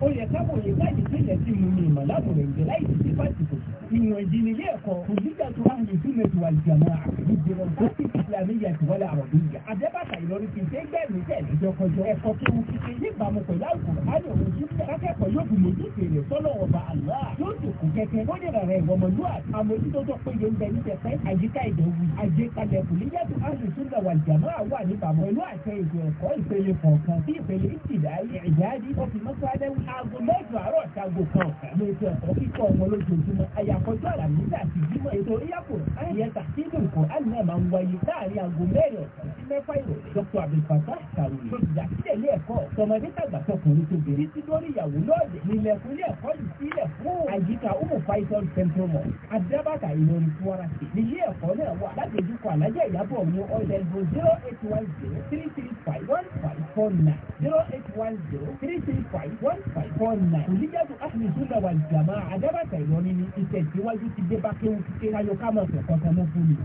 ó yẹ kábòye láti tẹ̀lẹ̀ sí mu ní ìmọ̀ lábòrò ìjẹ́ láì sí sí pàtìkò ìwọ̀n ìjìnlẹ̀ ilé ẹ̀kọ́ òjújà tó hàn yìí túnmẹ̀ tó wà ìjàmọ́ ìjìnlẹ̀ òkú ìsìlámíyà ti wọlé àwọn ìjà àdẹ́bàtà ìlọrin fi ṣe gbẹ̀mí tẹ̀lé jọkọjọ ẹ̀kọ́ tó ń fi ṣe níbàámu pẹ̀lú àwùjọ àyọ̀ òjú akẹ́kọ̀ọ́ yóò fi mójú fèrè sọ́lọ̀ ọba àlá yóò jòkó kẹ́kẹ́ ó dẹ̀ rẹ̀ wọmọlúwà àmójútó tó péye ń bẹ ní tẹ̀fẹ́ àyíká ìdòwú àjẹkalẹ̀ kùlíyàtò àlùsúnà wà ìjàmọ́ àwọn àníbàámu pẹ̀lú àṣẹ ìgbẹ̀ẹ̀kọ́ ìpele kọ̀ọ̀kan sí ìpele ìtìdáyé ìyáàdí ó fi mọ́ aṣáájú aago mẹ́jọ àárọ̀ ṣàgò kan ọ̀kan ní ètò ẹ̀kọ́ kíkọ́ ọmọ lójoojúmọ́ àyàkọ́jọ́ àlàmísà àti ìjímọ̀ ètò oríyàpò àyẹ̀ta sínú ìkọ́ àná máa ń wáyé láàrin aago mẹ́rin ọ̀sán sí mẹ́fà ìrọ̀lẹ́ dr abdulfata kàwé olùdásílẹ̀ ilé ẹ̀kọ́ tọmọdé tàgbà tọkùnrin tó bèrè títí lórí ìyàwó lọ́ọ̀dẹ̀ nílẹ̀kùn ilé ẹ̀kọ́ yìí sílẹ̀ fún àyíká umu python central mall adabata ìlọrin fúnra sí ilé ẹ̀kọ́ náà wà láti orúkọ alájà ìyàbọ̀ ní ọ̀dẹ̀ ìbò zero eight one zero three three five one five four nine zero eight one zero three three five one five four nine. olùdíjáde ahmed sunna wà jàmá àdábàtà ìlọrin ní ìtẹ̀síwájú ti dé bá kéwù kíké ayọ̀ ká máa fẹ̀ kọ́ta mọ́ fún mi.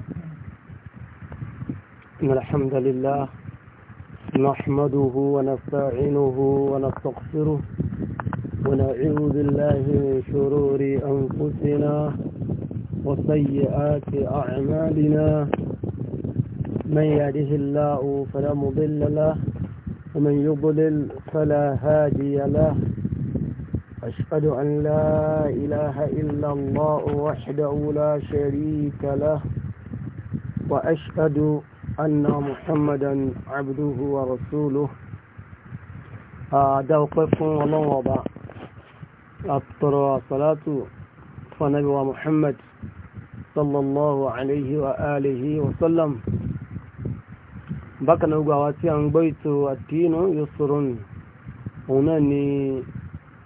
الحمد لله نحمده ونستعينه ونستغفره ونعوذ بالله من شرور أنفسنا وسيئات أعمالنا من يهده الله فلا مضل له ومن يضلل فلا هادي له أشهد أن لا إله إلا الله وحده لا شريك له وأشهد أن محمدا عبده ورسوله هذا وقف ومن وضع أطر صلاة فنبي محمد صلى الله عليه وآله وسلم بكنا وقواتي عن بيت الدين يسرون. هنا ني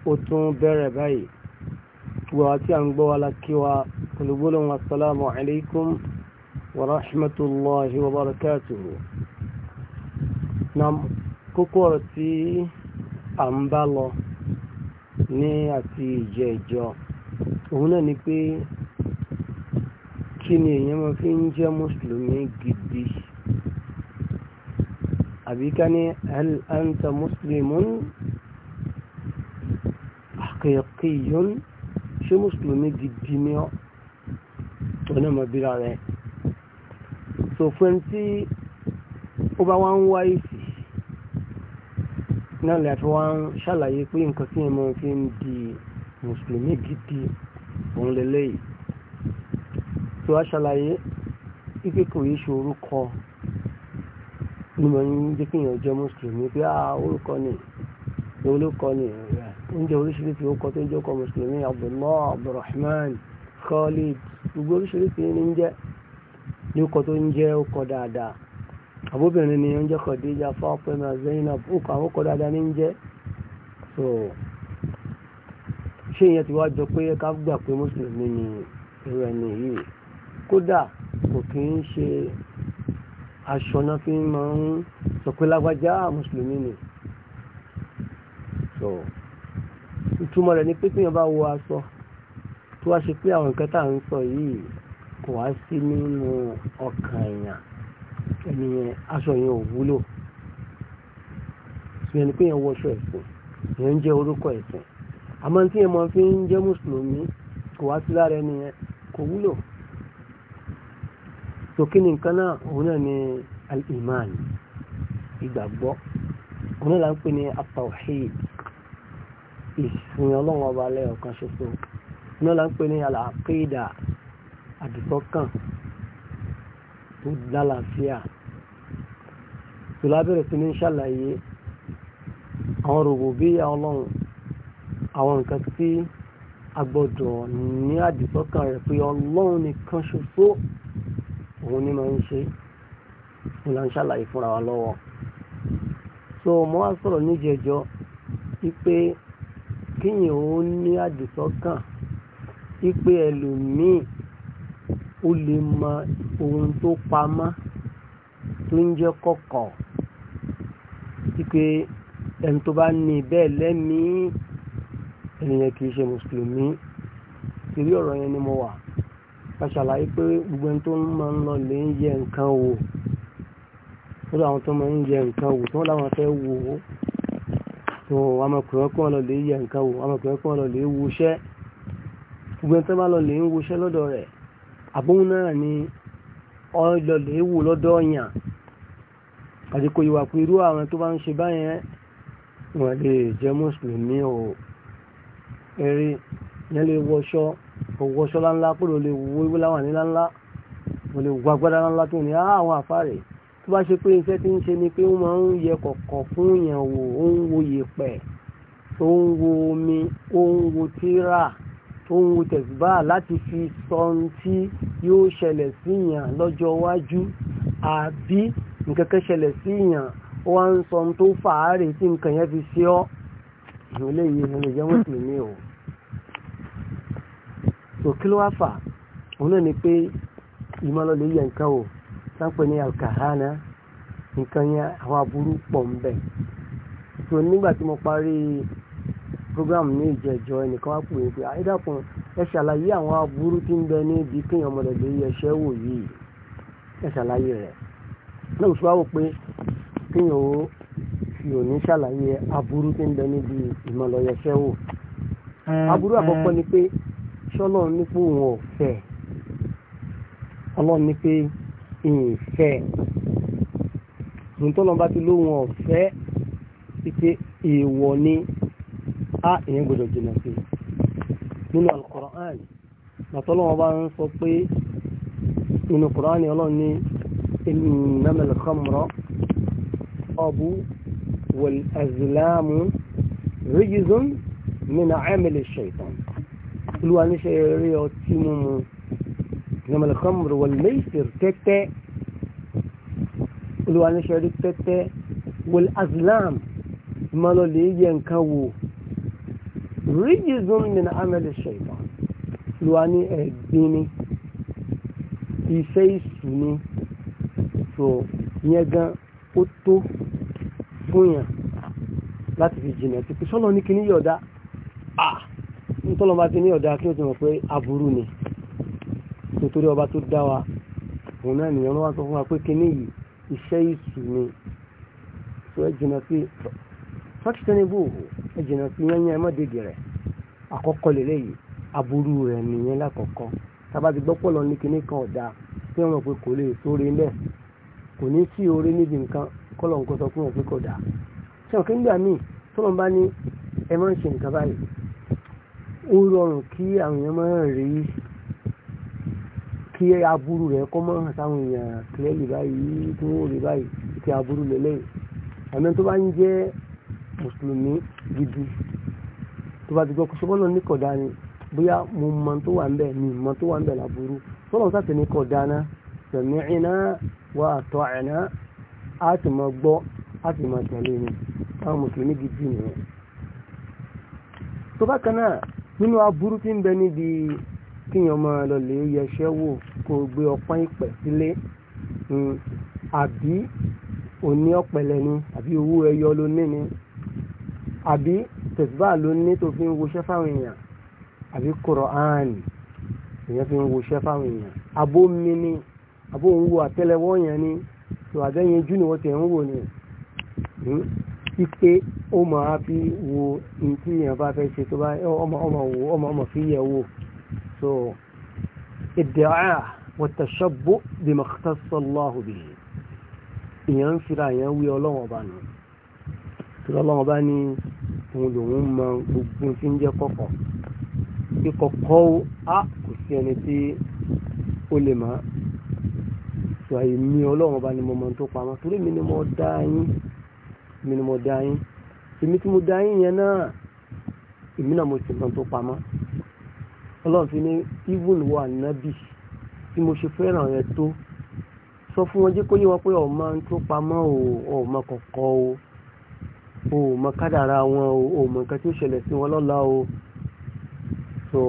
أتون بربي وقواتي عن بوالك وقلبول والسلام عليكم ورحمة الله وبركاته نعم كوكورتي أمبالو ní àti ìjẹ́ ìjọ òun náà ni pé kí ni èèyàn máa fi ń jẹ́ mùsùlùmí gidi àbí ká ní hal anta muslimun haqiqiyyun ṣé mùsùlùmí gidi ni ọ́ tó náà mọ̀ bíra rẹ̀ so fún ẹni tí ó bá wá ń wá ìsì náà lè fi wá ń ṣàlàyé pé nǹkan tí èèyàn máa fi ń di mùsùlùmí gidi òun lélẹ́yìí tí wá ṣàlàyé ike kò yí ṣe orúkọ ní mo ń jẹ́ kí èèyàn jẹ́ mùsùlùmí pé ah orúkọ ni orúkọ ni oúnjẹ oríṣiríṣi orúkọ tó ń jẹ́ ọkọ mùsùlùmí abdullah abdulrahman khalid gbogbo oríṣiríṣi ní ń jẹ́ ní orúkọ tó ń jẹ́ orúkọ dáadáa àbóbìnrin ni oúnjẹ Khadija Fatima Zainab orúkọ àwọn orúkọ dáadáa ní jẹ́ so ṣé ìyẹn ti wá jọ pé ká gbà pé mùsùlùmí ni irú ẹni yìí kódà kò kí ń ṣe aṣọ náà fi máa ń sọ mùsùlùmí ni so ìtumọ̀ rẹ̀ ni pé tí wọ́n bá wọ aṣọ tó wá ṣe pé àwọn nǹkan tá à ń sọ yìí kò wá sí nínú ọkàn èèyàn ẹnìyẹn aṣọ yẹn ò wúlò ìyẹn ni pé yẹn wọṣọ ẹ̀sìn yẹn ń jẹ́ orúkọ ẹ̀sìn àmọ́ tí yẹn máa fi ń jẹ́ mùsùlùmí kò wá sí lára ẹnìyẹn kò wúlò sókè ní nǹkan náà òun náà ni al-iman ìgbàgbọ́ òun náà la ń pè ní at-tawhid ìsìn ọlọ́run ọba lẹ́ọ̀kan ṣoṣo òun náà la ń pè ní al-aqida àdìsọ́kàn tó lálàáfíà tó lábẹ́rẹ̀ sí ní ṣàlàyé àwọn rububiyya ọlọ́run àwọn nǹkan tí a gbọ́dọ̀ ní àdìsọ́kàn rẹ̀ pé ọlọ́run nìkan ṣoṣo òun ní máa ń ṣe ìlà ń ṣàlàyé fúnra wa lọ́wọ́ so mo wá sọ̀rọ̀ níjẹjọ́ wípé kíyìn òun ní àdìsọ́kàn wípé ẹlòmíì ó lè mọ ohun tó pamọ́ tó ń jẹ́ kọ̀kọ̀ wípé ẹni tó bá ní bẹ́ẹ̀ lẹ́mìí ẹnìyẹn kì í ṣe mùsùlùmí ìrí ọ̀rọ̀ yẹn ni mo wà. a ṣàlàyé pé gbogbo ẹni tó máa ń lọ lè ń yẹ nǹkan wò ó láwọn tó ń yẹ nǹkan wò tó láwọn wò ó tó lọ lè yẹ nǹkan wò amọ̀kùnrin kí lọ lè iṣẹ. gbogbo ẹni tó bá lọ lè ń náà ni ọlọ lè wò àti kò ìwà pé irú àwọn tó bá ń ṣe báyẹn lè mùsùlùmí eré yẹn lè wọṣọ owó ṣọ́lá ńlá pèrò lè wo ewé láwọn àní ńláńlá mo lè wo agbádá ńláńlá tó ní àwọn àfáàrẹ̀ tó bá ṣe pé iṣẹ́ tí ń ṣe ni pé wọ́n máa ń yẹ kọ̀ọ̀kan fún yẹn wò ó ń wo yèpẹ̀ tó ń wo omi ó ń wo tíra tó ń wo tẹ̀síbá láti fi sọ tí yóò ṣẹlẹ̀ sí yàn lọ́jọ́ iwájú àbí nǹkan ṣẹlẹ̀ sí yàn wá ń sọ tó fàárẹ̀ tí nǹkan yẹn fi ṣe ọ́ ìrọ̀lẹ́ yìí ló lè so kí ló wá fà òun náà ni pé ìmọ̀lọ́lẹ̀ yẹ nǹkan o sáńpẹ̀ ní alkahana nǹkan yẹn àwọn aburú pọ̀ ń bẹ̀ so nígbà tí mo parí program ní ìjẹjọ ẹnìkan wá pè é pé àyídàkùn ẹ ṣàlàyé àwọn aburú tí ń bẹ ní ibi kéèyàn ọmọlọ́lẹ̀ yẹ ṣẹ́ wò yìí ẹ ṣàlàyé rẹ̀ náà sọ wá wò pé kéèyàn ó fi òní ṣàlàyé aburú tí ń bẹ níbi ìmọ̀lọ́yẹsẹ́ wò aburú àkọ́kọ́ ni pé ṣọ́lọ́ ní pé òun ọ̀fẹ́ ọlọ́run ní pé ìfẹ́ ìhun tó lọ́n bá ti lóhun ọ̀fẹ́ pípé èèwọ̀ ni á ìyẹn gbọdọ̀ jìnà sí nínú Al-Qur'an àtọ́lọ́wọ́n bá ń sọ pé inú Qur'an ni ọlọ́run ní innamal khamra ọbú wal azlamu rijzun min amali shaytan olúwa níṣẹ́ eré ọtí mímu ìnàmọ̀lẹ́kọ́mùrù wal-maisir tẹ́tẹ́ olúwa níṣẹ́ rí tẹ́tẹ́ wal-azlam ìmọ̀lọ́lẹ̀ yẹ nǹkan wò rijzun min amali shaytan olúwa ní ẹ̀gbin ni iṣẹ́ ìṣù ni so yẹn gan ó tó fún yàn láti fi jìnà tí kò sọ́lọ́ ní kíní yọ̀dá ah nítọ́lọ́ba ti ní ọ̀dà kí ó ti mọ̀ pé aburú ni nítorí ọba tó dá òun náà nìyẹn wá sọ fún wa pé kíní yìí iṣẹ́ ìsù ni tó ẹ jìnà sí fọ́tìtẹ́nibù ẹ jìnà sí yányán ẹ mọ́dégì rẹ̀ àkọ́kọ́ lélẹ̀ yìí aburú rẹ̀ nìyẹn lákọ̀ọ́kọ́ tába ti gbọ́pọ̀ lọ ní kíní kan ọ̀dà tí wọ́n mọ̀ pé kò lè sóore ńlẹ̀ kò ní sí oore níbi nǹkan kọ́lọ̀ nǹkan sọ fún wọn pé kò dáa ṣé ọ̀kẹ́ ń gbà míì tọ́lọ́ ní ẹ máa ń ṣe nǹkan báyìí ó rọrùn kí àwọn èèyàn máa rí kí aburú rẹ̀ kọ́ máa sáwọn èèyàn kílẹ̀lì báyìí tí wọ́n rí báyìí kí aburú lélẹ̀ àmì tó bá ń jẹ́ mùsùlùmí gidi tó bá ti gbọ́ kó sọ́bọ́lọ́ ní kọ̀dá ni bóyá mo mọ tó wà ń bẹ̀ mi mọ tó wà ń bẹ̀ láburú sọ́lọ́ sáà kọ̀dá náà wa ata'na á ti mọ gbọ́ á ti mọ tẹ̀lé ni àwọn mùsùlùmí gidi nínú aburú tí ń bẹ níbi kíyàn máa lọ lè yẹsẹ́ wò kó gbé ọpọ́n ìpẹ́ sílé hmm. àbí òní ọ̀pẹ̀lẹ̀ ni àbí owó ẹyọ ló ní ni àbí tẹ̀síbà ló ní tó fi ń woṣẹ́ fáwọn èèyàn àbí Qur'an èèyàn fi ń woṣẹ́ fáwọn èèyàn abó mi ni abó ń wo àtẹ́lẹwọ́ yẹn ni tòwádẹ́yẹn jú ni wọ́n ti ń wò ni. Hmm wípé ó máa fi wo ní tí èèyàn bá fẹ́ ṣe tó bá ọmọ ọmọ wo ọmọ ọmọ fi yẹ wo so ìdẹ̀rà wọ̀tẹ̀ṣọ́bù bí mọ̀kítàṣọ́láhù bí èèyàn ń fira èèyàn wí ọlọ́wọ̀n ọba nù tí ọlọ́wọ̀n ọba ní òun lòun mọ gbogbo tí ń jẹ́ kọ̀kọ̀ kíkọ̀kọ́ á kò sí ẹni tí ó lè máa sọ àìmí ọlọ́wọ̀n ọba ni mo mọ tó pamọ́ torí mi ni mo dá yín èmi ni mo dá yín èmi tí mo dá yín yẹn náà èmi náà mo sì mọ tó pamọ́ ọlọ́run fi ní even wọ ànábì tí mo ṣe fẹ́ràn rẹ tó sọ fún wọn jẹ́ kó yé wọn pé ọ̀ máa ń tó pamọ́ o ọ̀ mọ o o mọ kádàrá wọn o o mọ nǹkan tí ó ṣẹlẹ̀ sí wọn lọ́la o so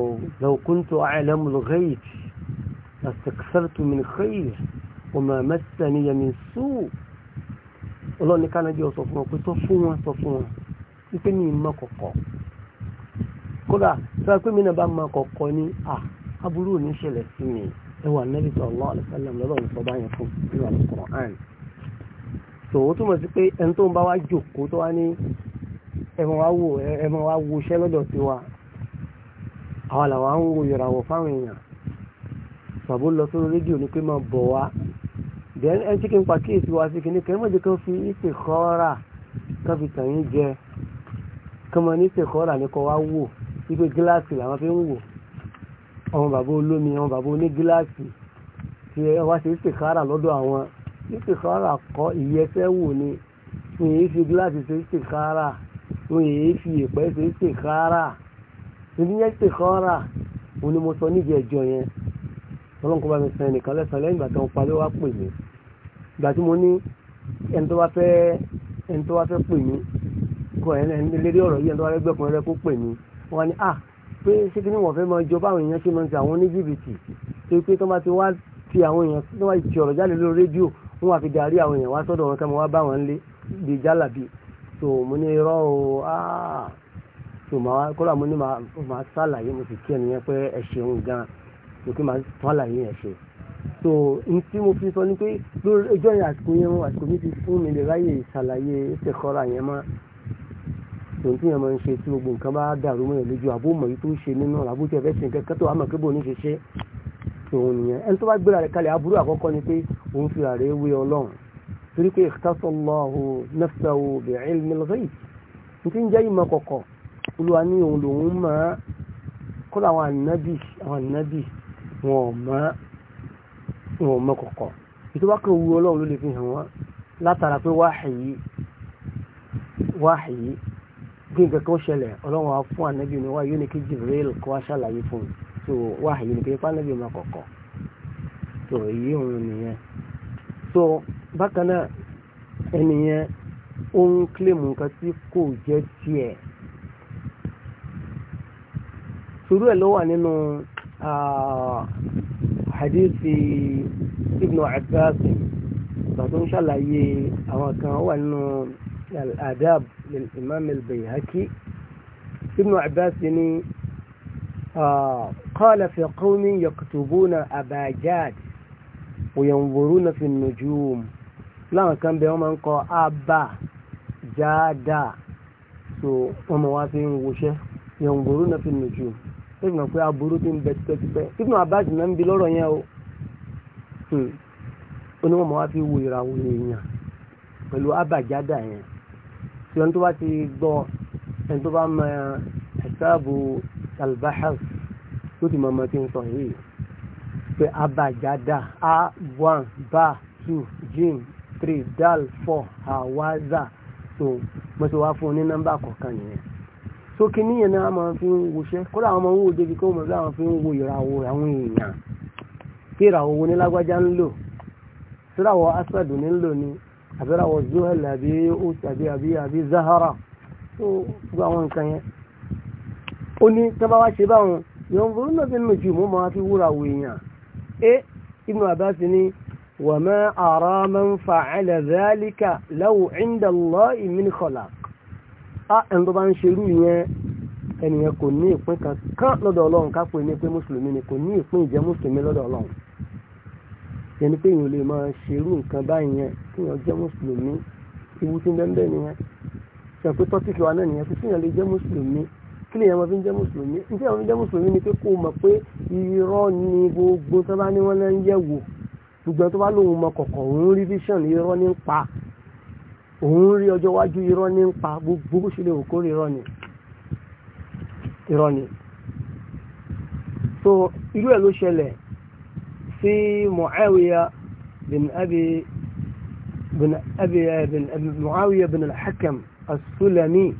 law kuntu a'lamu al-ghayb lastakthartu min khayr wa ma massaniya ọlọ́run ní kánájú ọ̀sọ̀ fún wọn pé sọ fún wọn sọ fún wọn wípé mi mọ kọ̀kọ̀ kódà sọ pé mi náà bá mọ kọ̀kọ̀ ní à aburú ò ní ṣẹlẹ̀ sí mi ẹwà nẹ́bí sallallahu alaihi wasallam lọ́lọ́run sọ báyẹn fún nínú Al-Qur'an so ó túmọ̀ sí pé ẹni tó ń bá wá jòkó tó wá ní ẹ̀mọ̀ wá wo iṣẹ́ lọ́dọ̀ sí wa àwọn làwọn ń wo ìràwọ̀ fáwọn èèyàn sàbó lọ sórí rédíò ní pé máa bọ̀ wá then ẹni tí kí n pa kíyèsí wá sí kìíní kẹ́mọ́ jẹ́ kó fi ìpè kọ́ra kó fi tàn yín jẹ kọ́mọ ní ìpè kọ́ra ní kọ́ wá wò wípé gíláàsì làwọn fi ń wò ọmọ bàbá olómi ọmọ bàbá oní gíláàsì tí ẹ wá ṣe ìpè kọ́ra lọ́dọ̀ àwọn ìpè kọ́ra kọ́ ìyẹsẹ́ wò ni wọn èyí fi gíláàsì ṣe ìpè kọ́ra wọn èyí fi ìpẹ́ ṣe ìpè kọ́ra ọlọ́run kó bá mi sẹ́yìn nìkan lẹ́sàn lẹ́yìn ìgbà tó ń parí wá pè mí ìgbà tí mo ní ẹni tó bá fẹ́ ẹni tó bá pè mí kọ ẹni lérí ọ̀rọ̀ yìí ẹni tó bá fẹ́ gbẹ̀kùn rẹ kó pè mí wọn ni ah pé ṣé kí ni wọ́n fẹ́ máa jọ báwọn èèyàn ṣe máa ń ti àwọn ní jìbìtì tó pé tó bá ti wá ti àwọn èèyàn tó bá ti ọ̀rọ̀ jáde lórí rédíò wọn àfi darí àwọn èèyàn wá sọ́dọ̀ wọn kí wọ́n mo ní irọ́ ah tó máa kọ́ra mo ní máa sálàyé mo sì kí ẹnìyẹn pé ẹ ṣeun gan òkè máa tún àlàyé yẹn ṣe so n tí mo fi sọ ni pé lórí ọjọ́ yẹn àsìkò yẹn wọn àsìkò mi ti fún mi lè ráyè ṣàlàyé ìṣèkọ́ra yẹn mọ́ tòun tí yẹn máa ń ṣe tí gbogbo nǹkan bá dàrú mọ́ yẹn lójú àbó mọ̀ yìí tó ń ṣe nínú ọ̀rọ̀ àbújá ẹ̀fẹ́ ṣe nǹkan kẹ́tọ́ àmọ́ kébò ní ṣe ṣe tòun nìyẹn ẹni tó bá gbéra rẹ̀ kalẹ̀ aburú àkọ́kọ́ ni pé òun fi ààrẹ wé ọlọ́run torí pé ikhtasallahu nafsahu bi ilmil ghaib ń jẹ́ ìmọ̀ kọ̀kọ̀ olúwa ní òun lòun máa kó àwọn ànábì àwọn ànábì wọn ò mọ́ wọn ò mọ́ kọ̀kọ̀ ìtọ́wá kan wu ọlọ́run ló lè fi hàn wọ́n látara pé wáhìí wáhìí bí nǹkan kan ṣẹlẹ̀ ọlọ́run á fún ànábì ní wáyé ní kí Jibril kó wá ṣàlàyé fún un so so èyí òun so bákan náà ẹnìyẹn ó ń kílèmù nǹkan tí hadithi ibnu abbas gbàtó ń ṣàlàyé àwọn kan wà nínú al-adab lil imam al-bayhaqi ibnu abbas ni qala fi qawmin yaktubuna abajad wa yanzuruna fi an-nujum láwọn kan bẹ wọ́n máa ń kọ so wọ́n máa wá fi ń woṣẹ́ yanzuruna fi nujum ó sì mọ̀ pé aburú ti ń bẹ tipẹ́tipẹ́ títí náà abájú náà ń bi lọ́rọ̀ yẹn o hmm. ó ní wọ́n mọ̀ wá fi wo ìràwọ̀ èèyàn pẹ̀lú abàjádà yẹn tí wọ́n tó bá ti gbọ́ ẹni tó bá mọ ẹ̀sáàbù albahas ló ti mọ ọmọ tí ń sọ yìí pé abàjádà a one ba two jim three dal four hawaza so mo ti wá fún un ní nọ́mbà kọ̀ọ̀kan nìyẹn sókè níyẹn náà máa fi ń woṣẹ́ kódà àwọn ọmọ owó débi kó mọ̀ bí àwọn fi ń wo ìràwọ̀ àwọn èèyàn kí ìràwọ̀ wo ní lágbájá ń lò síràwọ̀ asad ní lò ní àbíràwọ̀ zuhal àbí oṣù àbí àbí àbí zahara tó gbọ́ àwọn nǹkan yẹn ó ní tábà wá ṣe báwọn yóò ń náà fi ń jù mú máa fi wúra wọ èèyàn ẹ ibnu abbas ní wàmẹ́ àrà man fa'ala dhalika law inda Allahi min khalaq á ah, ẹni tó bá ń ṣerú yẹn ẹnìyẹn kò ní ìpín kankan lọ́dọ̀ ọlọ́run kápò ní pé mùsùlùmí ni kò ní ìpín ìjẹ́ mùsùlùmí lọ́dọ̀ ọlọ́run yẹni pé èèyàn lè máa ṣerú nǹkan báyẹn kí èèyàn jẹ́ mùsùlùmí ewu tí ń bẹ́ẹ̀ nìyẹn ṣàpé tọ́tíkì wa náà nìyẹn fi síyàn lè jẹ́ mùsùlùmí kí lèèyàn máa fi ń jẹ́ mùsùlùmí ní tí àwọn fi ń jẹ́ mùsùlùmí ni pé kó mọ̀ pé irọ́ ni gbogbo tó bá ní wọ́n lẹ́ ń yẹ̀ wò gbogbo tó bá lóun mọ kọ̀kọ̀ òun rí vision irọ́ ní ń pa òun rí ọjọ́ wájú irọ́ ní ń pa gbogbo bó ṣe lè òkó rí irọ́ ni irọ́ ni so irú ẹ̀ ló ṣẹlẹ̀ sí Muawiya bin abi bin abi bin abi Muawiya bin al-Hakam as-Sulami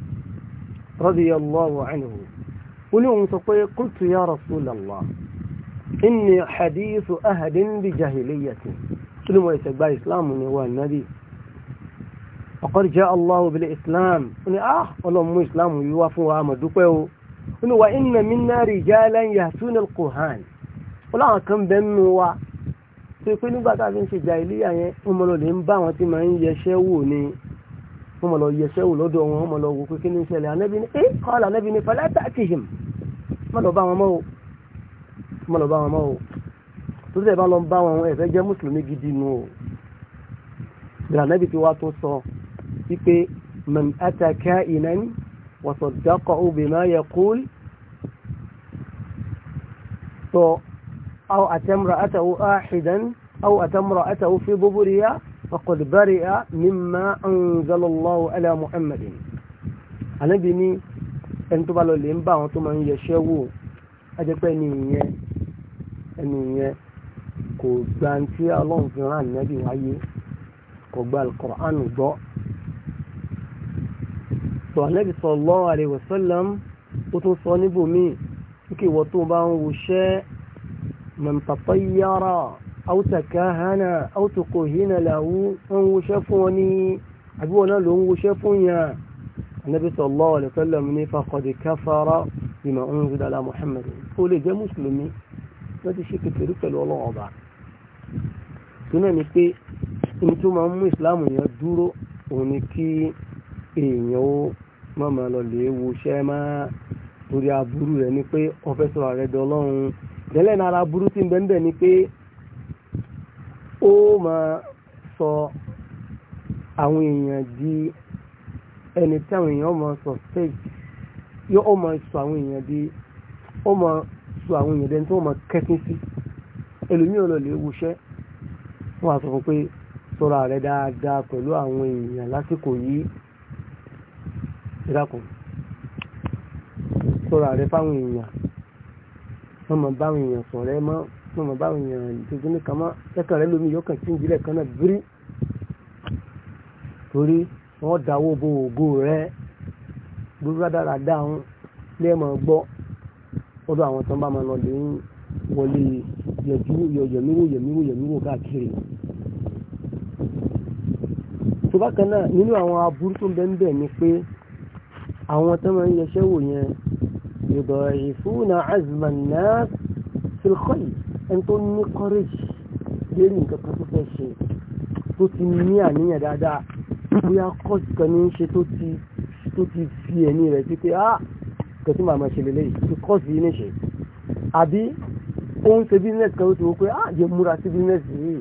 radiyallahu anhu ó ní òun sọ pé qultu ya Rasulallah inni hadithu ahadin bi jahiliyyati kí ni mo ìṣẹ̀gbà ìsìláàmù ni wà náà ọ̀kọ́dì jẹ́ Allahu bil Islam ó ní ah ọlọ́run mú Islam yìí wá fún wa mà dúpẹ́ o ó ní wa inna minna rijalan yahtuna al-Qur'an ó láwọn kan bẹ́ẹ̀ nù wa tó pé nígbà tá a fi ń ṣe jàìlíyà yẹn wọ́n mọ̀ lọ lè ń bá àwọn tí máa ń yẹsẹ́ wò ni wọ́n mọ̀ lọ yẹsẹ́ lọ́dọ̀ wọn wọ́n mọ̀ lọ wò pé kí ni ìṣẹ̀lẹ̀ anábì ni ee kọ́ wípé man ata ka'inan wa saddaqahu bima yaqul tó aw ata imra'atahu ahidan aw ata imra'atahu fi duburiha faqad bari'a mimma anzala Allahu ala Muhammadin ànábì ní ẹni tó bá lọ lè ń bá àwọn tó máa ń yẹṣẹ́ wò ajẹ́pẹ́ ẹni ìyẹn ẹni ìyẹn kò tí ọlọ́run fi rán ànábì wáyé kò gba alukọ̀ránù gbọ́ sọ anábì sallallahu alaihi wasallam ó tún sọ níbòmíì kíkì ìwọ tó bá ń wuṣẹ́ man tatayyara aw takahana aw tukuhina lahu ń wuṣẹ́ fún ọ ní àbí wọn náà ló ń wuṣẹ́ fún yàn anábì sallallahu alaihi wasallam ní faqad kafara bima unzila ala Muhammad kó lè jẹ́ mùsùlùmí wọ́n ti ṣe kékeré pẹ̀lú ọlọ́wọ́ èèyàn ó má máa lọ lè wo iṣẹ́ má torí aburú rẹ̀ ni pé ọ̀fẹ́ sọ̀rọ̀ rẹ̀ dọ̀ tẹ́lẹ̀ náà ara aburú tí ń ni pé ó máa sọ àwọn èèyàn di ẹni tí àwọn èèyàn máa sọ stage yọ ó máa sọ àwọn èèyàn di ó máa sọ àwọn èèyàn dẹni tí wọ́n máa kẹ́sìn sí ẹlòmíràn lọ lè wo iṣẹ́ wọ́n á sọ fún pé sọ̀rọ̀ rẹ̀ dáadáa pẹ̀lú àwọn èèyàn lásìkò yìí ìdákùn sọ́ra rẹ fáwọn èèyàn wọ́n mọ̀ báwọn èèyàn sọ̀rọ̀ ẹ mọ́ wọ́n mọ̀ báwọn èèyàn ìtòjú ní kàmá ẹ̀kàn rẹ lómi yọkàn tí ń jílẹ̀ kan náà bírí torí wọ́n dáwó bo ògo rẹ gbogbo rádaràdá àwọn ilé ẹ̀mọ̀ gbọ́ ọdọ̀ àwọn tó ń bá máa lọ lè ń wọlé yẹ̀míwò yẹ̀míwò yẹ̀míwò káàkiri tó bákan náà nínú àwọn aburú tó ń bẹ ń bẹ ni pé àwọn tó máa ń yẹṣẹ́ wò yẹn yọ̀dọ̀ ìfúnà azman náà filkọ́yì ẹni tó ní kọ́rẹ́jì lérí nǹkan kan tó fẹ́ ṣe tó ti ní àníyàn dáadáa bóyá kọ́ọ̀sì kan ní í ṣe tó ti tó ti fi ẹ̀mí rẹ̀ sí pé ah kẹtí màá máa ṣe lélẹ̀ yìí kọ́ọ̀sì yìí níṣe àbí ó ń ṣe bísínẹ́sì kan ó ti wọ́n pé ah yẹ múra sí bísínẹ́sì yìí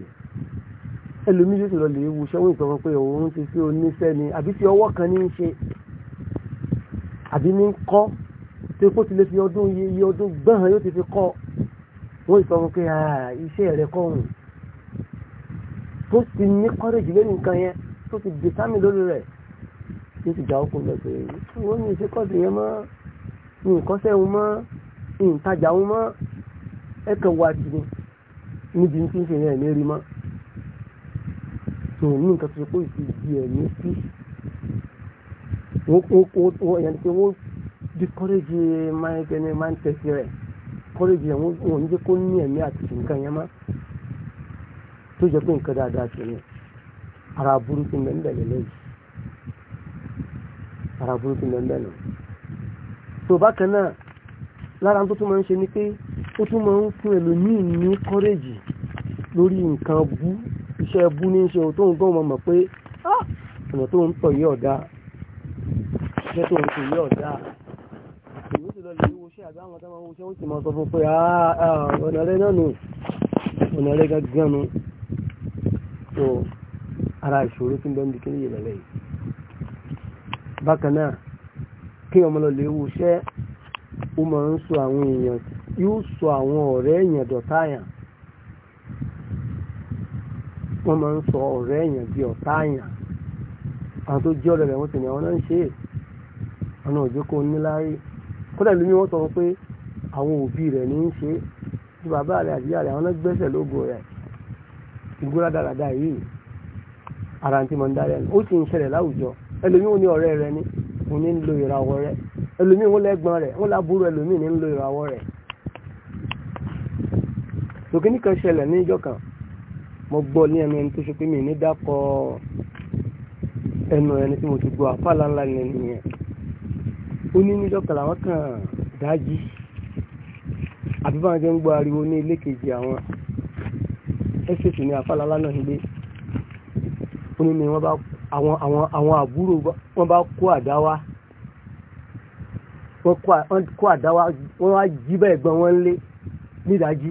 ẹlòmíì yóò lọ lè wù ṣẹ́wọ́n ìtọ́kọ pé òun ti fi oníṣẹ́ ni àbí ti ọwọ́ kan ní ṣe àbí ní kọ́ tí kó ti lè fi ọdún iye ọdún gbọ́n yóò ti fi kọ́ wọ́n ìtọ́run pé iṣẹ́ rẹ̀ kọ́rùn tó ti ní kọ́rẹ́jì lórí nǹkan yẹn tó ti dè sámi lórí rẹ̀ tó ti jà okùn lọ pé wọ́n ní iṣẹ́ kọ́ọ̀dù yẹn mọ́ nǹkọ́sẹ́ wọn mọ́ nǹtajà wọn mọ́ ẹ̀kẹ́ wá jù níbi tí ń ṣe yẹn ní rí mọ́ tòun ní nǹkan tó ṣe pé ìfi di ẹ̀mí sí yẹn pé wọ́n discourage ẹni máa ń tẹ̀sí rẹ̀ courage yẹn wọ́n ń jẹ́ kó ní ẹ̀mí àti nǹkan yẹn má tó jẹ́ pé nǹkan dáadáa sí ni ara burúkú mẹ́ńbẹ̀lẹ̀ lẹ́yìn ara burúkú mẹ́ńbẹ̀lẹ̀ tó bákan náà lára tó tún máa ń ṣe ni pé ó tún máa ń fún ẹlòmíì ní courage lórí nǹkan bú iṣẹ́ bú ní ṣe tó ń gbọ́n mọ̀ pé ah, ọ̀nà tó ń tọ̀ yí ọ̀dá iṣẹ́ tó ń ṣe yí ọ̀dá ìwé ti lọ lè wo iṣẹ́ àgbà àwọn tó máa wo iṣẹ́ ó sì máa sọ fún pé ah, ah, ọ̀nà rẹ náà nù ọ̀nà rẹ gángan nu tó ara ìṣòro tí ń bẹ́ ń di kí ní ìrẹ̀lẹ̀ yìí bákan náà kí ọmọ lọ wọ́n máa ń sọ ọ̀rẹ́ èèyàn bí ọ̀tá àyàn àwọn tó jẹ́ ọ̀rẹ́ rẹ̀ wọ́n sì ní àwọn náà ń ṣe é ọ̀nà òjò kò ní láárí kódà lómi wọ́n sọ pé àwọn òbí rẹ̀ ní í ṣe tí bàbá rẹ̀ àti ìyá rẹ̀ àwọn náà gbẹ́sẹ̀ lógo rẹ̀ ìgbóra dáradá yìí ara ti mọ̀ ni ó sì ń ṣẹlẹ̀ láwùjọ ẹlòmí wọn ní ọ̀rẹ́ rẹ ni mo ní ń lo ìràwọ̀ rẹ ẹlòmí wọn lẹ́gbọ́n rẹ wọn lábúrò ẹlòmí ní ń lo ìràwọ̀ rẹ. tòkí ní kan ṣẹlẹ̀ ní ìjọ kan mo gbọ́ ní ẹnu ẹni tó ṣe pé mi ní dákọ̀ ẹnu ẹni tí mo ti gbọ́ àfàlà ńlá ni ẹni yẹn ó ní níjọ́ kan làwọn kàn dájí àbí báwọn jẹ́ ń gbọ́ ariwo ní ilé kejì àwọn ẹ́sẹ̀tì ní afálálá náà nílé ó ní ni àwọn àbúrò wọ́n bá kó àdáwá wọ́n kó àdáwá wọ́n wá jí bẹ́ẹ̀ gbọ́n wọ́n lé nídájí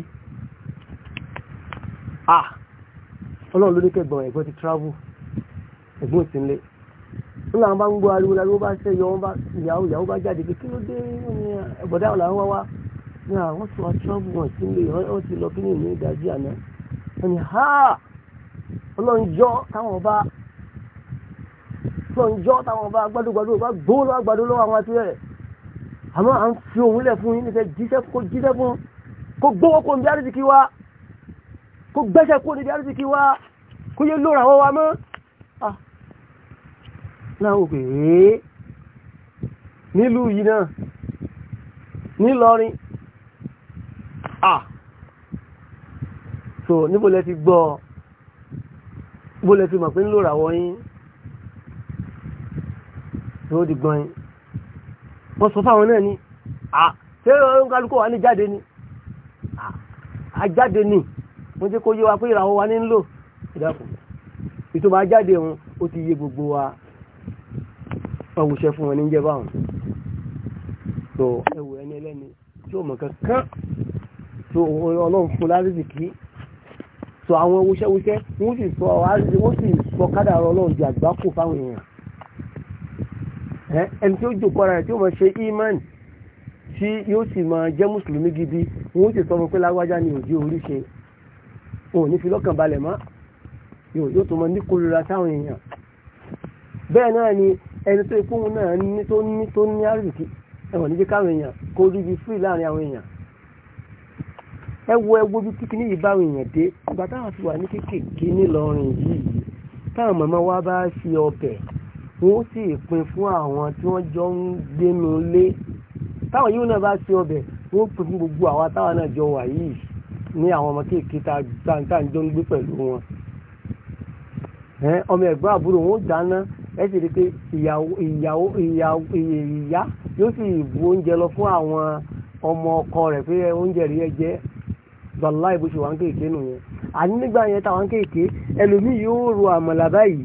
ah ọlọ́run ló ní kẹgbọ́n ẹ̀gbọ́n ti travel ẹ̀gbọ́n ti ń lé nígbà wọn bá ń gbọ́ ariwo lariwo bá ṣe yọ wọn bá ìyàwó ìyàwó bá jáde pé kí ló dé ní ẹ̀bọ̀dá ọ̀la wọn wá ní àwọn tó wá tíráàbù wọn sí ilé wọn ti lọ kíní ìlú ìdájí àná wọn ni ha ọlọ́njọ́ táwọn bá ọlọ́njọ́ táwọn bá gbádùgbádù bá gbó lọ́wọ́ gbádù lọ́wọ́ àwọn àti rẹ̀ àmọ́ à ń fi òun lẹ̀ fún yín nífẹ̀ẹ́ jíṣẹ́ kó jíṣẹ́ fún kó gbówó kó níbi àrísìkí wa kó gbẹ́sẹ̀ kó níbi àrísìkí wa kó yẹ lóra wọn wa mọ́ ah! náà wò pé ee nílùú yìí náà nílọrin ah so níbo lẹ ti gbọ́ bó lẹ ti mọ̀ pé ń lò ràwọ̀ yín tó di gbọ́n yín wọ́n sọ fáwọn náà ni ah ṣé ọ̀rọ̀ kálukú wà ní jáde ni ah ajáde ni mo jẹ́ kó yé wa pé ìràwọ̀ wa ní ń lò ìdákùn ìtumọ̀ ajáde òun ó ti yé gbogbo wa ọwọ́ṣẹ́ fún wọn ní jẹ́ báwọn tó ẹwù ẹni ẹlẹ́ni tí ó mọ̀ kankan tó ọlọ́run fún láríkì tó àwọn ewúṣẹ́wúṣẹ́ wọ́n sì sọ àríkì wọ́n sì sọ kádàrọ̀ ọlọ́run di àgbákò fáwọn èèyàn ẹni tí ó jòkó ara rẹ̀ tí ó mọ̀ ṣe imán tí yóò sì mọ̀ ni òjì orí ṣe òun ní fi lọ́kàn balẹ̀ mọ́ yóò tó táwọn èèyàn bẹ́ẹ̀ náà ni ẹni tó ìfóhun náà ní tó ní tó ní àrùsí ẹwọ̀n níbi káwọn èèyàn kó rí ibi fúrì láàrin àwọn èèyàn ẹ wo ẹwo bí tí kìíní yìí bá àwọn èèyàn dé ọgbà táwọn ti wà ní kéékèèké nílọrin yìí táwọn màmá wa bá fi ọbẹ̀ wọn ó sì pín fún àwọn tí wọ́n jọ ń gbénu lé táwọn yìí náà bá fi ọbẹ̀ wọn ó pín fún gbogbo àwa táwọn náà jọ wà yìí ní àwọn ọmọ kéékèèké tá à ń jọ ń gbé pẹ̀lú wọn ọmọ ẹ̀gbọ́n àbúrò wọn ó dáná ẹ sì rí pé ìyàwó ìyàwó ìyàwó ìyá yóò sì bu oúnjẹ lọ fún àwọn ọmọ ọkọ rẹ̀ pé oúnjẹ rí ẹ jẹ gbàlá ìbò ṣe wà ń kéèké nù yẹn àní nígbà yẹn táwọn kéèké ẹlòmíì yóò ro àmàlà báyìí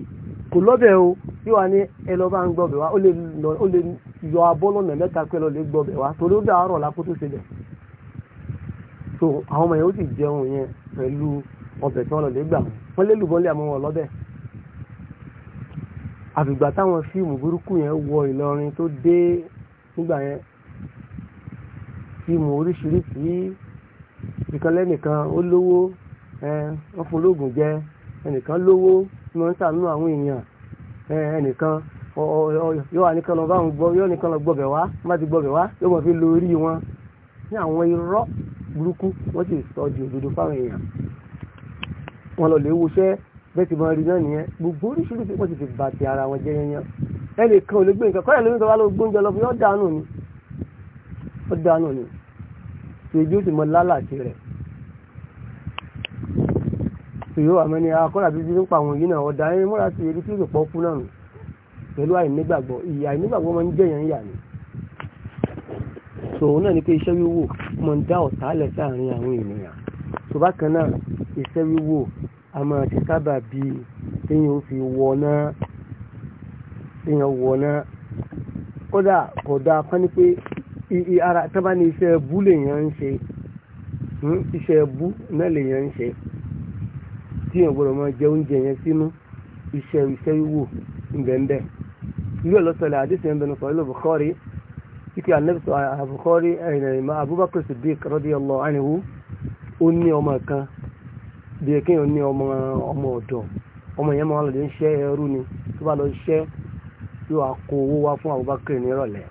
kò lọ́bẹ̀ o yóò wá ní ẹ lọ bá ń gbọ́bẹ̀ wá ó lè yọ abọ́ lọ́nà mẹ́ta pé lọ lè gbọ́bẹ̀ wá torí ó dàárọ̀ lápò ṣe bẹ̀ so àwọn ọmọ yẹn ó sì jẹun yẹn pẹ̀lú ọbẹ̀ tí wọ́n lọ lè gbà wọ́n lè lùbọ́n lé àmọ́ wọn lọ́bẹ̀ àfìgbà táwọn fíìmù burúkú yẹn wọ Ìlọrin tó dé nígbà yẹn fíìmù oríṣiríṣi ìkan lẹ́nìkan ó lówó wọ́n fún lóògùn jẹ ẹnìkan lówó ni wọ́n ń sàánú àwọn èèyàn ẹnìkan yóò wà nìkan lọ bá wọn gbọ́ yóò nìkan lọ gbọ́bẹ̀ wá má ti gbọ́bẹ̀ wá yóò mọ̀ fi lo orí wọn ní àwọn irọ́ burúkú wọ́n sì sọ di òdodo fáwọn èèyàn wọn lọ lè wúṣẹ́ bẹ́ẹ̀ ti máa rí náà nìyẹn gbogbo oríṣiríṣi wọ́n ti fi bà ti ara wọn jẹ́ yẹn ẹnì kan ò lè gbé nǹkan kọ́yà lórí ìjọba ló gbóúnjẹ lọ fún yọ́ dànù ni ó dànù ni tòjú ti mọ lálàtì rẹ̀ tòjú àmọ́ ni akọ́là ah, bíbí ń pa àwọn yìí náà ọ̀dà ẹni múra ti èrí tí ìrìpọ̀ kú náà nù pẹ̀lú àìnígbàgbọ́ ìyà àìnígbàgbọ́ máa ń jẹ́ yẹn yà ni tòun náà ni pé iṣẹ́ wíwò mọ̀ ń dá ọ̀tá lẹ̀ sáàrin àwọn ènìyàn tó bá kan náà iṣẹ́ wíwò a máa ṣe sábà bí téèyàn ó fi wọná téèyàn wọná kódà kódà kan ní pé ara tó bá ní iṣẹ́ bú lèèyàn ń ṣe hmm, iṣẹ́ bú náà lèèyàn ń ṣe tíyàn gbọ́dọ̀ máa jẹ oúnjẹ yẹn sínú iṣẹ́ iṣẹ́ wíwò ńbẹ̀ńbẹ̀ irú ẹ̀ lọ́sọ̀lẹ̀ àdéṣe ńbẹ̀nu pẹ̀lú Bukhari ike anabisọ Bukhari Abubakar Siddiq radiyallahu anhu ó ní ọmọ kan bí i kéèyàn ní ọmọ ọmọ ọ̀dọ̀ ọmọ yẹn máa lọ lè ń ẹrú ni tó bá lọ ṣẹ́ yóò wá kó owó wá fún Abubakar nírọ̀lẹ́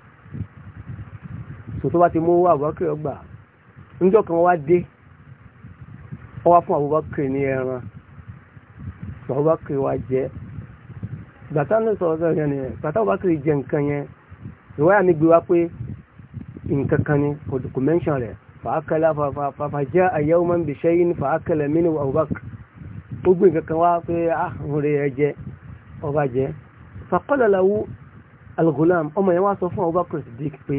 tó bá ti mú owó Abubakar gbà níjọ́ kan wá dé ọ wá fún Abubakar ní ẹran Abubakar wá gbàtà ní sọ̀rọ̀ sọ̀rọ̀ yẹn ni gbàtà Abubakar nǹkan yẹn ìwáyà mi gbé wá pé nǹkan kan ni fàákàlá fàfàjá àyẹ́wọ́n bí ṣẹ́yìn fàákàlá mínú Abubakar ó gbé nǹkan kan wá pé ààrùn rẹ̀ ẹjẹ́ ọba jẹ́ fàkọ́lọ̀láwú al-Ghulam ọmọ yẹn wá sọ fún Abubakar Siddiq pé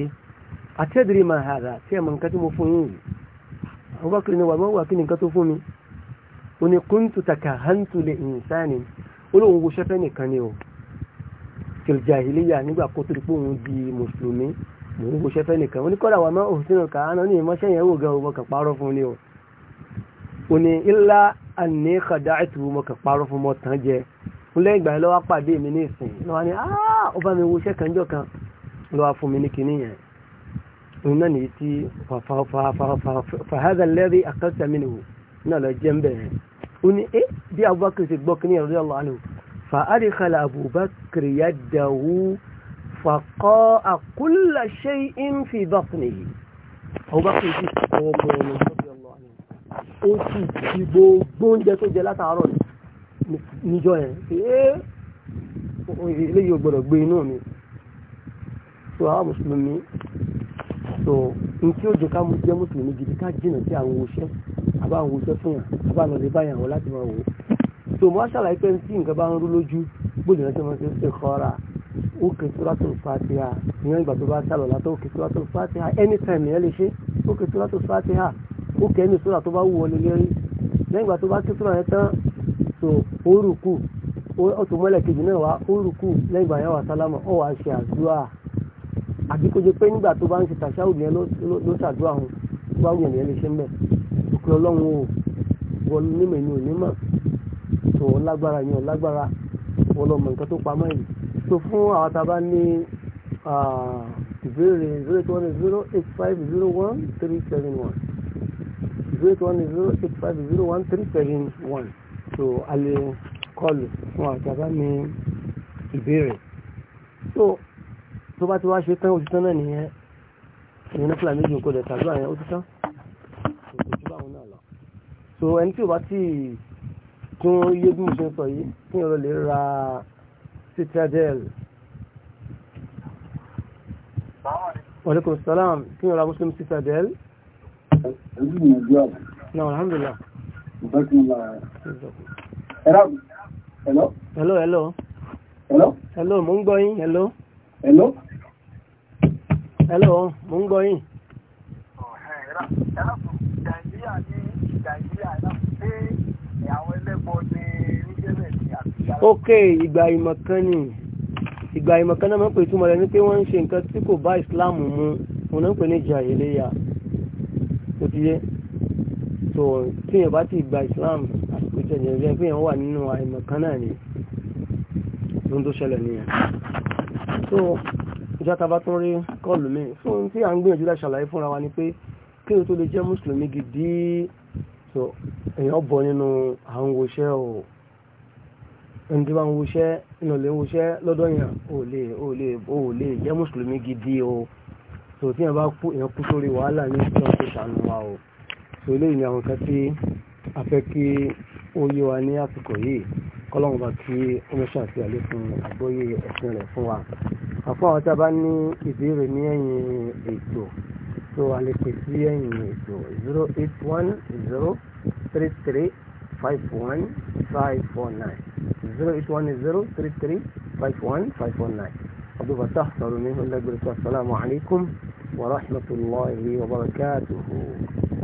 àtẹ́dìrí ma hàrà tí ẹmọ nǹkan tí mo fún yìí ni wà mọ́ wà kí ni mi ó ní kúntù takà hantu lè ìsáni olóhùn wo ṣẹ́fẹ́ nìkan ni ó kìlìjà ìlíyà nígbà kó di pé mò ń gbóṣẹ́ fẹ́ nìkan ó ní kọ́dà wà máa ò sínú ká àná ní ìmọ̀ṣẹ́ yẹn wò gan ọmọ kan parọ́ fún ni o ò ní ńlá àní kàdá ètò ọmọ kan parọ́ fún ọmọ tán jẹ ń lẹ́yìn ìgbà yẹn lọ́wọ́ pàdé mi ní ìsìn lọ́wọ́ ni áá ó bá mi wo iṣẹ́ kan jọ kan lọ́wọ́ fún mi ní kinní yẹn òun náà ní ti eh, gbọ́ fàkọ́ àkúlà ṣe ń fi bọ́kùnrin yìí Abubakar sì fọwọ́ mọ́ ọmọ ìṣọ́bí ọlọ́ àná ó sì fi gbogbo oúnjẹ tó jẹ látàárọ̀ níjọ́ yẹn ee eléyìí ò gbọ́dọ̀ gbé inú mi so àwọn mùsùlùmí so n tí ó jẹ ká jẹ́ mùsùlùmí gidi ká jìnà sí àwọn oṣẹ́ àbá àwọn oṣẹ́ fún yàn àbá àwọn ọ̀lẹ́ báyàn wọ́n láti máa wò ó so mo á ṣàlàyé pé tí nǹkan bá ń rú lójú gbọ́dọ̀ náà ṣe máa ṣe é kọ́ra ó ké suratul fatiha ìyẹn ìgbà tó bá sálọ̀ látọ̀ ó ké suratul fatiha anytime ìyẹn lè ṣe ó ké suratul fatiha ó ké ẹni sura tó bá wù wọlé lérí lẹ́yìn ìgbà tó bá ké sura yẹn tán so ó rùkù ó mọ́lẹ̀ kejì náà wá ó lẹ́yìn ìgbà yẹn wà sálámà ó wàá ṣe àdúrà àbí pé nígbà tó bá ń ṣe yẹn so fún àwọn tá a bá ní ìbéèrè zero two one zero eight five zero one three seven one zero two one zero eight five zero one three seven one so a lè kọlù fún àwọn tá a bá ní ìbéèrè so tó bá ti wá ṣe tán òtítọ́ náà nìyẹn ìyẹn ní fúlàní méjì kò dẹ̀ tàbí àyẹn òtítọ́ òtítọ́ àwọn náà lọ so ẹni tí ò bá ti tún yé bí mo ṣe sọ yìí kí n lọ lè ra citadel aleykum salam kí ni ọ̀la muslim citadel. ojú mi ò gbọ́. na alhamdulilah. hello. hello hello. hello. hello mo ń gbọ́ yín hello. hello. hello mo ń gbọ́ yín. ẹ̀rọ ẹ̀rọ nàìjíríà ní nàìjíríà náà. ókè ìgbà ìmọ̀kan ni ìgbà ìmọ̀kan náà máa ń pè túmọ̀ rẹ̀ ní pé wọ́n ń ṣe nǹkan tí kò bá islam mu wọn náà ń pè ní jàhílíyà tó ti yé tó tíyẹn bá ti gba islam àsìkò jẹjẹrẹ rẹ pé yẹn wà nínú àìmọ̀kan náà ni ohun tó ṣẹlẹ̀ nìyẹn tó a bá tún rí kọlù mi fún tí à ń gbìyànjú láti ṣàlàyé fúnra wa ni pé kí o tó lè jẹ́ mùsùlùmí gidi tó èèyàn bọ̀ nínú àwọn o ẹni tí bá ń woṣẹ́ ẹni ò lè lọ́dọ̀ yẹn ò lè ò jẹ́ mùsùlùmí gidi o tò tí yẹn bá kú yẹn kú sórí wàhálà ní ìṣẹ́ ọ̀sẹ̀ ṣàánú wa o tò eléyìí ni àwọn kan tí a fẹ́ kí ó yé wa ní àsìkò yìí kọ́lọ́run bá kí ọmọ ṣàti àlékún àgbọ́yé ẹ̀sìn rẹ̀ fún wa àpò àwọn tá a bá ní ìbéèrè ní ẹ̀yìn ètò tó a lè pè sí ẹ̀yìn ètò zero eight one zero three three five one five four nine zero eight one zero three three five one five four nine abdulfatah sọ̀rọ̀ salamu alaykum wa rahmatulahi wa barakatuhu.